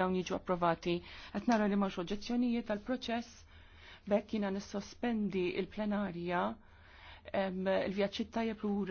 dawn jiġu approvati. Qed nara li mhux oġġezzjonijiet tal-proċess bekk jiena nissospendi il-plenarja il-vjaġġ tajjeb